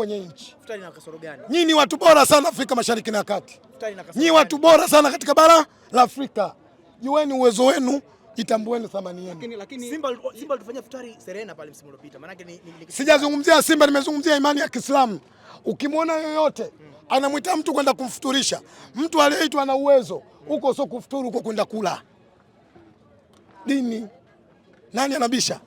kwenye nchi. Nyinyi ni watu bora sana Afrika Mashariki na Kati, nyinyi watu bora sana katika bara la Afrika. Jueni uwezo wenu, itambueni thamani yenu. Lakini, lakini, Simba, Simba alifanya futari Serena pale msimu uliopita. Maana yake ni, ni, sijazungumzia Simba, nimezungumzia imani ya Kiislamu. Ukimwona yoyote hmm, anamwita mtu kwenda kumfuturisha mtu aliyeitwa na uwezo huko, sio kufuturu huko, kwenda kula dini. Nani anabisha?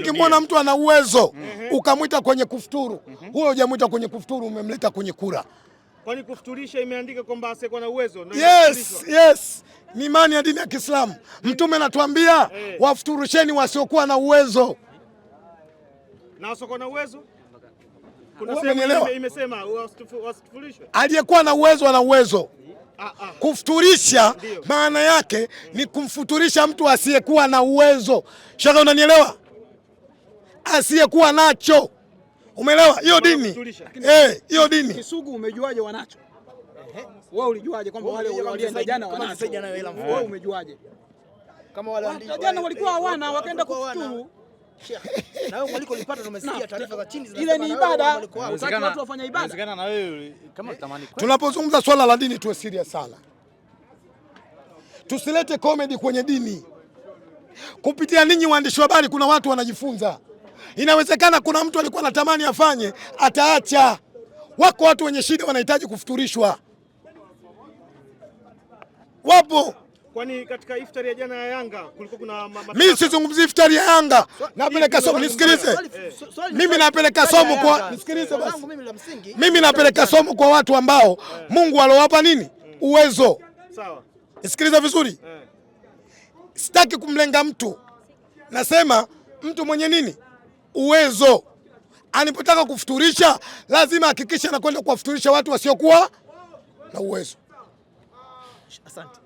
Ukimwona mtu ana uwezo mhm. ukamwita kwenye kufuturu, mhm. huyo hujamwita kwenye kufuturu, umemleta kwenye kura. Kwani kufuturisha imeandika kwamba asiyekuwa na uwezo ndio? Yes, yes. Ni imani ya dini ya Kiislamu. Eh. Mtume anatuambia hey, eh. wafuturusheni wasiokuwa na uwezo na wasiokuwa na uwezo kuna imesema wasifurishwe aliyekuwa na uwezo ana uwezo Kufuturisha maana yake ni kumfuturisha mtu asiyekuwa na uwezo shaka, unanielewa? Asiyekuwa nacho, umeelewa? Hiyo dini eh, hiyo dini. Kisugu umejuaje wanacho? Wewe ulijuaje kwamba wale walienda jana wanacho? Wewe umejuaje kama wale jana walikuwa hawana wakaenda kufuturu na wewe mwaliko ulipata, taarifa za chini zinasema ile ni ibada. Unataka watu wafanye ibada, inawezekana na wewe kama utamani. Tunapozungumza swala la dini tuwe serious sana, tusilete comedy kwenye dini. Kupitia ninyi waandishi wa habari, kuna watu wanajifunza. Inawezekana kuna mtu alikuwa anatamani afanye, ataacha. Wako watu wenye shida wanahitaji kufuturishwa, wapo. Kwani katika iftari ya jana ya Yanga kulikuwa kuna mimi sizungumzi iftari ya Yanga. Napeleka somo nisikilize. Mimi napeleka somo kwa nisikilize basi. Mimi napeleka somo kwa watu ambao eh. Mungu alowapa nini? Mm. Uwezo. Sawa. Nisikilize vizuri. Eh. Sitaki kumlenga mtu. Nasema mtu mwenye nini? Uwezo. Anipotaka kufuturisha lazima hakikisha anakwenda kuwafuturisha watu wasiokuwa na uwezo. Asante.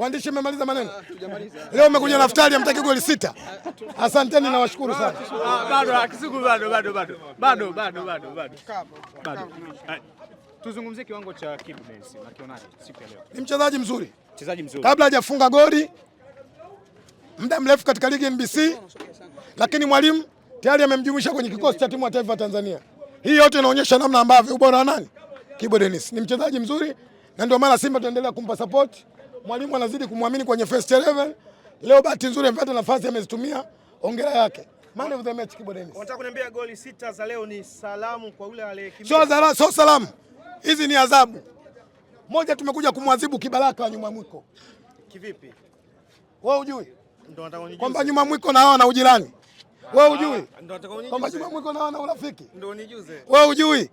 Waandishi, mmemaliza maneno ah, leo, mmekuja na futari, amtaki goli sita. Asanteni, nawashukuru sana. Ah, bado ah, Kisugu, bado bado bado bado bado bado bado. Tuzungumzie kiwango cha Kibu nakionaje siku ya leo? Ni mchezaji mzuri, mchezaji mzuri, kabla hajafunga goli muda mrefu katika ligi NBC, lakini mwalimu tayari amemjumuisha kwenye kikosi cha timu ya taifa Tanzania. Hii yote inaonyesha namna ambavyo ubora wa nani, Kibu Denis ni mchezaji mzuri, na ndio maana Simba tunaendelea kumpa support mwalimu anazidi kumwamini kwenye first 11. Leo bahati nzuri amepata nafasi amezitumia, ongera yake. Man of the match Kibo Dennis. Unataka kuniambia goli sita za leo ni salamu kwa yule aliyekimbia. Sio sio salamu. Hizi ni adhabu. Moja tumekuja kumwadhibu kibaraka wa nyuma mwiko. Kivipi? Wewe ujui? Ndio nataka unijue. Kwamba nyuma mwiko na hao na ujirani. Wewe ah, ujui? Ndio nataka unijue. Kwamba nyuma mwiko na hao na urafiki. Ndio unijuze. Wewe ujui?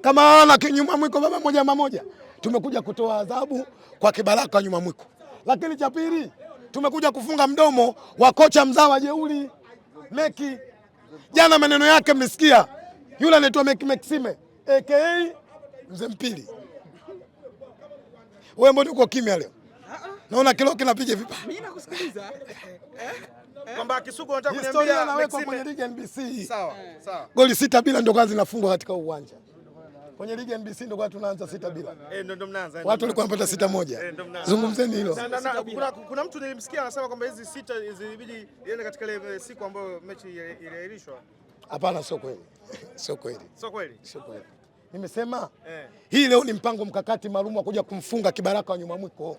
Kama hao na nyuma mwiko baba moja mama moja tumekuja kutoa adhabu kwa kibaraka nyuma mwiko, lakini cha pili tumekuja kufunga mdomo wa kocha mzawa jeuli Meki. Jana maneno yake mmesikia, yule anaitwa Meki Maxime aka mzee Mpili. Wewe mbona uko kimya leo? Naona kilo kinapiga vipi? Mimi nakusikiliza. Eh, eh, kwamba Kisugu anataka kuniambia anawekwa kwenye ligi NBC. Sawa, sawa. Goli sita bila ndo kazi inafungwa katika uwanja kwenye ligi ya NBC ndio kwa tunaanza sita bila. Eh, ndio mnaanza. Watu walikuwa wanapata sita eh, moja. Zungumzeni hilo. Kuna kuna mtu nilimsikia anasema kwamba hizi sita zilibidi iende katika ile eh, siku ambayo mechi iliahirishwa. Hapana, sio kweli. Sio kweli. Sio kweli. Sio kweli. Nimesema eh, hii leo ni mpango mkakati maalum wa kuja kumfunga kibaraka wa nyuma mwiko.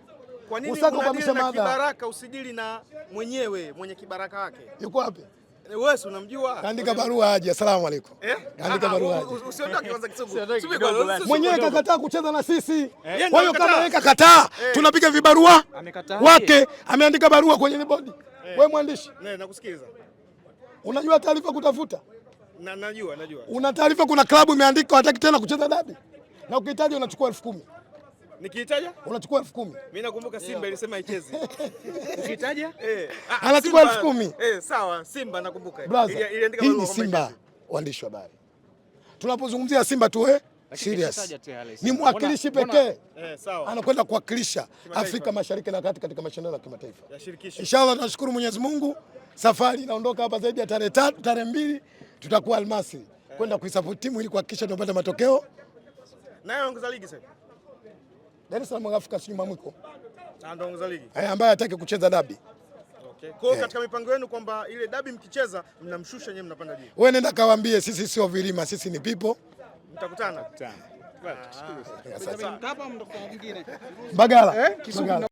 Kwa nini unadili na kibaraka usijili na mwenyewe mwenye kibaraka wake? Yuko wapi? Eh, wewe unamjua? Kaandika barua aje. Asalamu alaykum. Kaandika eh? ah, ah, barua aje. Usiondoke kwanza Kisugu. Mwenyewe kakataa kucheza na sisi. Eh, Kwa hiyo kama yeye kakataa, tunapiga vibarua wake, ameandika barua kwenye bodi. Wewe mwandishi. Nakusikiliza. Unajua taarifa kutafuta? Na najua, najua. Una taarifa kuna klabu imeandika hataki tena kucheza dabi. Na ukihitaji unachukua elfu kumi. Nikiitaja? Unachukua elfu kumi. Mimi nakumbuka Simba ilisema icheze. Ukiitaja? Eh. Ah, Anachukua elfu kumi. Eh, sawa, Simba nakumbuka. Iliandika hii ni Simba waandishi wa habari. Tunapozungumzia Simba tu eh? Serious. Ni mwakilishi pekee eh, anakwenda kuwakilisha Afrika Mashariki na Kati katika mashindano ya kimataifa. Inshallah tunashukuru Mwenyezi Mungu. Safari inaondoka hapa zaidi ya tarehe tatu, tarehe mbili tutakuwa Almasi eh. kwenda kuisupport timu ili kuhakikisha tunapata matokeo. Naye ongeza ligi sasa. Dar es Salaam Afrika si nyuma Eh, ambaye hataki kucheza dabi. Okay. Kwa yeah. Katika mipango yenu kwamba ile dabi mkicheza mnamshusha nyewe mnapanda juu. Wewe nenda kawaambie sisi sio vilima, sisi ni pipo. Mtakutana. Mtakutana. Ah. Bagala. Eh? Bagala.